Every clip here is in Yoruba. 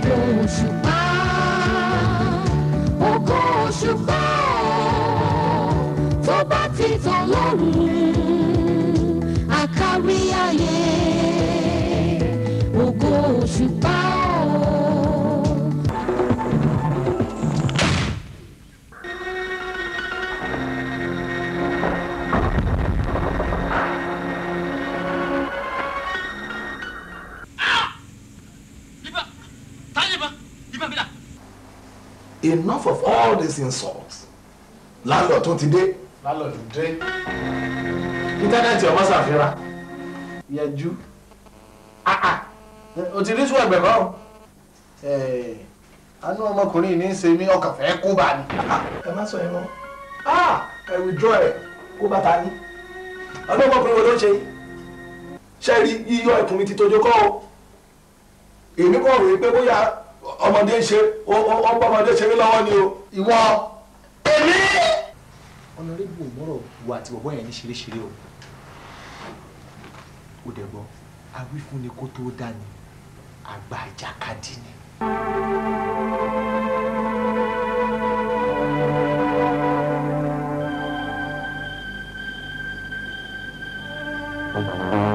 ògo òṣùpá ògo bá ti tàn lọ́rùn ayé ògo enough of all these insults landlord tó ti dé. landlord ti dé. íńtánẹ́ẹ̀tì ọmọ ṣàfihàn. yẹjú ah, ah. o ti rí sùn ẹgbẹ́ kan eh, anú ọmọkùnrin ní í ṣe mí ọkàn fẹ́ kó bá ní. ẹ má sọ yẹn mọ́ ah, ẹ withdraw ẹ kó bá ta ní. ọdún ọmọkùnrin wo ló ń ṣe ṣe rí yíyọ ẹkùnrin ti tójú kọ́ ọ èmi kọ́ rèé pé bóyá ọmọdé ń ṣe ó bá ọmọdé ṣeré lọ́wọ́ ni o. ìwọ èmi. ọ̀nàrẹ́bù mọ́rọ̀ wo àti bọ̀bọ́ yẹn ní ṣeréṣeré o ó dẹ̀ gbọ́ awífúnni kó tó dání àgbà àjàkadì ni. Thank you.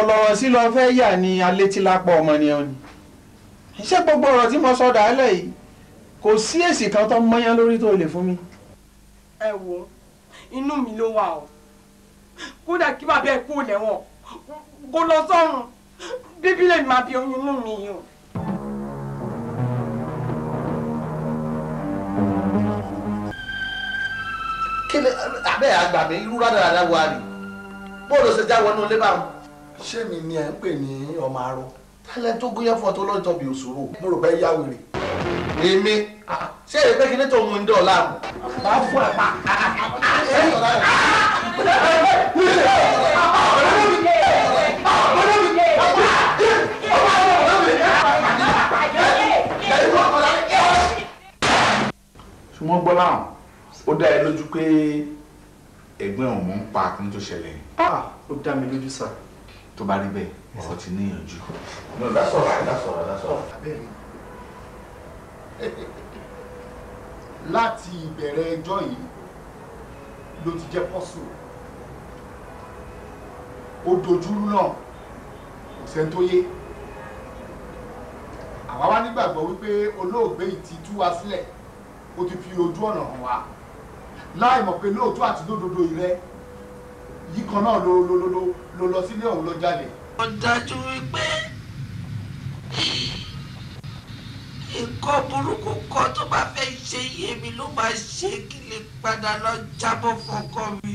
ọlọ́rọ̀ sí lọ fẹ́ yà ní alétílápọ̀ ọmọnìyàn ni iṣẹ́ gbogbo ọ̀rọ̀ tí mo sọ dàálẹ̀ yìí kò sí èsì kan tó mọ́yán lórí tó lè fún mi. ẹ wo inú mi ló wà o kódà kí bàbá ẹ kú lẹ́wọ̀n kó lọ sọ́run bíbí lè máa bí oyún inú mi o. kí ni abẹ́ àgbà mi irú rádaràdà wa ni bóòlù ṣe já wọnú ilé báwọn ṣé mi ni ẹ ń pè ní ọmọ arọ tẹ́lẹ̀ tó gúnyẹ́ fún ọ tó lọ́jọ́ bí òṣòro mo rò bẹ́ẹ̀ yá wèrè èmi ah, ṣé èyí pé kí ní tòun ń dọ̀ láàmú. máa fún ẹ pa. ṣùgbọ́n gbọ́ láwọn ó dá ẹ lójú pé ẹ̀gbọ́n òun ń pa kí n tó ṣẹlẹ̀. Ah, ó dá mi lójú sáà tó bá rí bẹ́ẹ̀ ọ̀rọ̀ ti níyànjú. no that's all right that's all right that's all Lati abẹ́rẹ́ láti ìbẹ̀rẹ̀ ẹjọ́ yìí ló ti jẹ́ pọ́sù ó dojúrú náà kò sẹ́ni tó yé àwa wá nígbàgbọ́ wípé olóògbé yìí ti tú wa sílẹ̀ ó ti fi ojú ọ̀nà hàn wá láì mọ̀ pé lóòótọ́ àti lódodo rẹ yìí kan náà ló ló ló ló lọ sílé ọ̀hún ló jáde. ó dájú wípé nǹkan burúkú kan tó bá fẹ́ ṣe yé mi ló máa ṣe kí lè padà lọ jábọ̀ fọkọ mi.